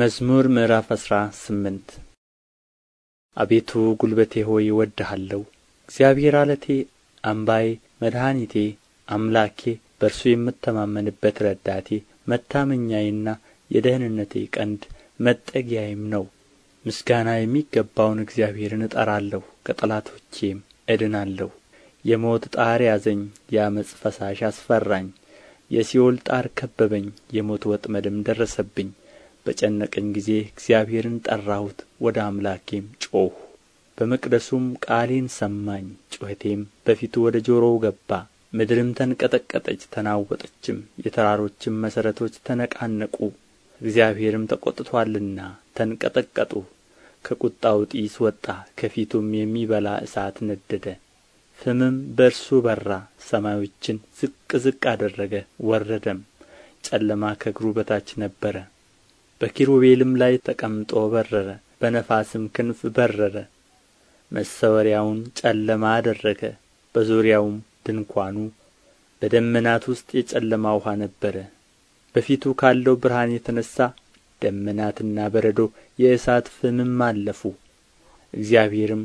መዝሙር ምዕራፍ አስራ ስምንት አቤቱ ጉልበቴ ሆይ እወድሃለሁ። እግዚአብሔር አለቴ፣ አምባዬ፣ መድኃኒቴ፣ አምላኬ፣ በእርሱ የምተማመንበት ረዳቴ፣ መታመኛዬና የደህንነቴ ቀንድ መጠጊያዬም ነው። ምስጋና የሚገባውን እግዚአብሔርን እጠራለሁ፣ ከጠላቶቼም እድናለሁ። የሞት ጣር ያዘኝ፣ የአመፅ ፈሳሽ አስፈራኝ። የሲኦል ጣር ከበበኝ፣ የሞት ወጥመድም ደረሰብኝ። በጨነቀኝ ጊዜ እግዚአብሔርን ጠራሁት ወደ አምላኬም ጮኽሁ በመቅደሱም ቃሌን ሰማኝ ጩኸቴም በፊቱ ወደ ጆሮው ገባ ምድርም ተንቀጠቀጠች ተናወጠችም የተራሮችም መሠረቶች ተነቃነቁ እግዚአብሔርም ተቈጥቶአልና ተንቀጠቀጡ ከቁጣው ጢስ ወጣ ከፊቱም የሚበላ እሳት ነደደ ፍምም በእርሱ በራ ሰማዮችን ዝቅ ዝቅ አደረገ ወረደም ጨለማ ከእግሩ በታች ነበረ በኪሩቤልም ላይ ተቀምጦ በረረ በነፋስም ክንፍ በረረ መሰወሪያውን ጨለማ አደረገ በዙሪያውም ድንኳኑ በደመናት ውስጥ የጨለማ ውኃ ነበረ በፊቱ ካለው ብርሃን የተነሣ ደመናትና በረዶ የእሳት ፍምም አለፉ እግዚአብሔርም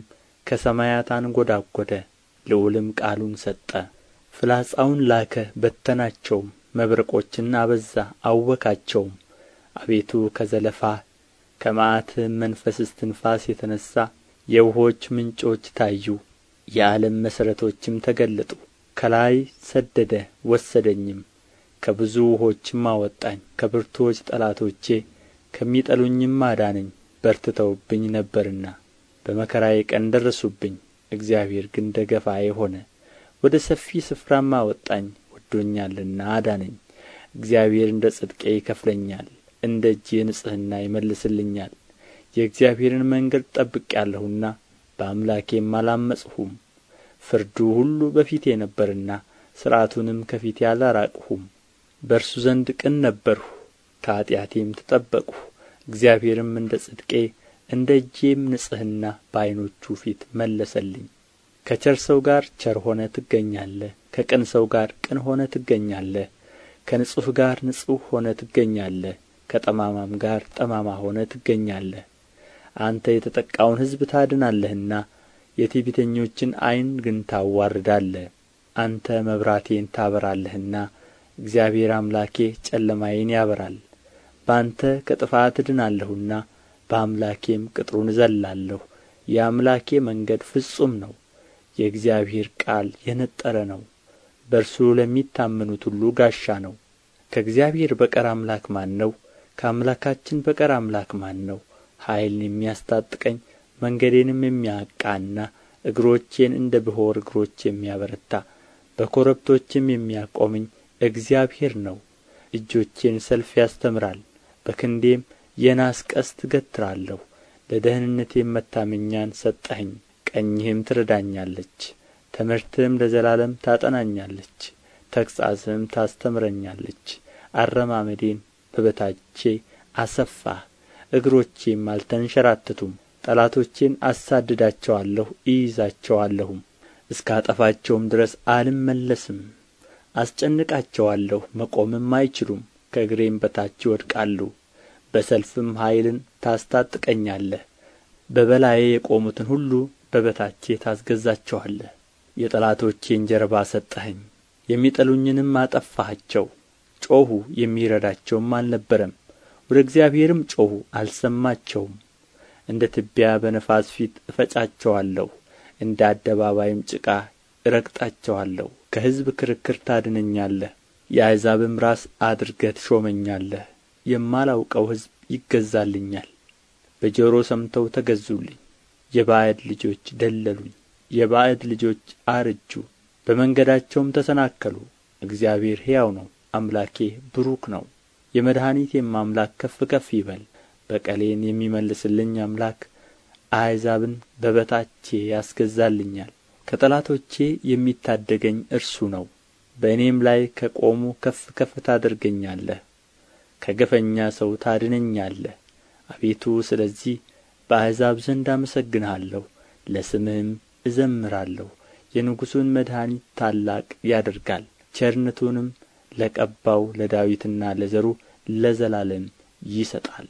ከሰማያት አንጐዳጐደ ልዑልም ቃሉን ሰጠ ፍላጻውን ላከ በተናቸውም መብረቆችን አበዛ አወካቸውም አቤቱ ከዘለፋ ከመዓትህም መንፈስ እስትንፋስ የተነሣ የውኆች ምንጮች ታዩ የዓለም መሠረቶችም ተገለጡ ከላይ ሰደደ ወሰደኝም ከብዙ ውኆችም አወጣኝ ከብርቱዎች ጠላቶቼ ከሚጠሉኝም አዳነኝ በርትተውብኝ ነበርና በመከራዬ ቀን ደረሱብኝ እግዚአብሔር ግን ደገፋዬ ሆነ ወደ ሰፊ ስፍራም አወጣኝ ወዶኛልና አዳነኝ እግዚአብሔር እንደ ጽድቄ ይከፍለኛል እንደ እጄ ንጽሕና ይመልስልኛል የእግዚአብሔርን መንገድ ጠብቄአለሁና በአምላኬም አላመፅሁም ፍርዱ ሁሉ በፊቴ ነበርና ሥርዓቱንም ከፊቴ አላራቅሁም በእርሱ ዘንድ ቅን ነበርሁ ከኀጢአቴም ተጠበቅሁ እግዚአብሔርም እንደ ጽድቄ እንደ እጄም ንጽሕና በዐይኖቹ ፊት መለሰልኝ ከቸር ሰው ጋር ቸር ሆነ ትገኛለህ ከቅን ሰው ጋር ቅን ሆነ ትገኛለህ ከንጹሕ ጋር ንጹሕ ሆነ ትገኛለህ ከጠማማም ጋር ጠማማ ሆነህ ትገኛለህ አንተ የተጠቃውን ሕዝብ ታድናለህና የትዕቢተኞችን ዓይን ግን ታዋርዳለህ አንተ መብራቴን ታበራለህና እግዚአብሔር አምላኬ ጨለማዬን ያበራል በአንተ ከጥፋት እድናለሁና በአምላኬም ቅጥሩን እዘላለሁ የአምላኬ መንገድ ፍጹም ነው የእግዚአብሔር ቃል የነጠረ ነው በእርሱ ለሚታመኑት ሁሉ ጋሻ ነው ከእግዚአብሔር በቀር አምላክ ማን ነው ከአምላካችን በቀር አምላክ ማን ነው ኃይልን የሚያስታጥቀኝ መንገዴንም የሚያቃና እግሮቼን እንደ ብሖር እግሮች የሚያበረታ በኮረብቶችም የሚያቆመኝ እግዚአብሔር ነው እጆቼን ሰልፍ ያስተምራል በክንዴም የናስ ቀስት እገትራለሁ ለደኅንነቴም መታመኛን ሰጠኸኝ ቀኝህም ትረዳኛለች ትምህርትህም ለዘላለም ታጠናኛለች ተግሣጽህም ታስተምረኛለች አረማመዴን በበታቼ አሰፋህ እግሮቼም አልተንሸራተቱም ጠላቶቼን አሳድዳቸዋለሁ እይዛቸዋለሁም እስካጠፋቸውም ድረስ አልመለስም አስጨንቃቸዋለሁ መቆምም አይችሉም ከእግሬም በታች ይወድቃሉ በሰልፍም ኃይልን ታስታጥቀኛለህ በበላዬ የቆሙትን ሁሉ በበታቼ ታስገዛቸዋለህ የጠላቶቼን ጀርባ ሰጠኸኝ የሚጠሉኝንም አጠፋሃቸው ጮኹ የሚረዳቸውም አልነበረም ወደ እግዚአብሔርም ጮኹ አልሰማቸውም እንደ ትቢያ በነፋስ ፊት እፈጫቸዋለሁ እንደ አደባባይም ጭቃ እረግጣቸዋለሁ ከሕዝብ ክርክር ታድነኛለህ የአሕዛብም ራስ አድርገህ ትሾመኛለህ የማላውቀው ሕዝብ ይገዛልኛል በጆሮ ሰምተው ተገዙልኝ የባዕድ ልጆች ደለሉኝ የባዕድ ልጆች አርጁ በመንገዳቸውም ተሰናከሉ እግዚአብሔር ሕያው ነው አምላኬ ብሩክ ነው የመድኃኒቴም አምላክ ከፍ ከፍ ይበል በቀሌን የሚመልስልኝ አምላክ አሕዛብን በበታቼ ያስገዛልኛል ከጠላቶቼ የሚታደገኝ እርሱ ነው በእኔም ላይ ከቆሙ ከፍ ከፍ ታደርገኛለህ ከገፈኛ ሰው ታድነኛለህ አቤቱ ስለዚህ በአሕዛብ ዘንድ አመሰግንሃለሁ ለስምህም እዘምራለሁ የንጉሡን መድኃኒት ታላቅ ያደርጋል ቸርነቱንም ለቀባው ለዳዊትና ለዘሩ ለዘላለም ይሰጣል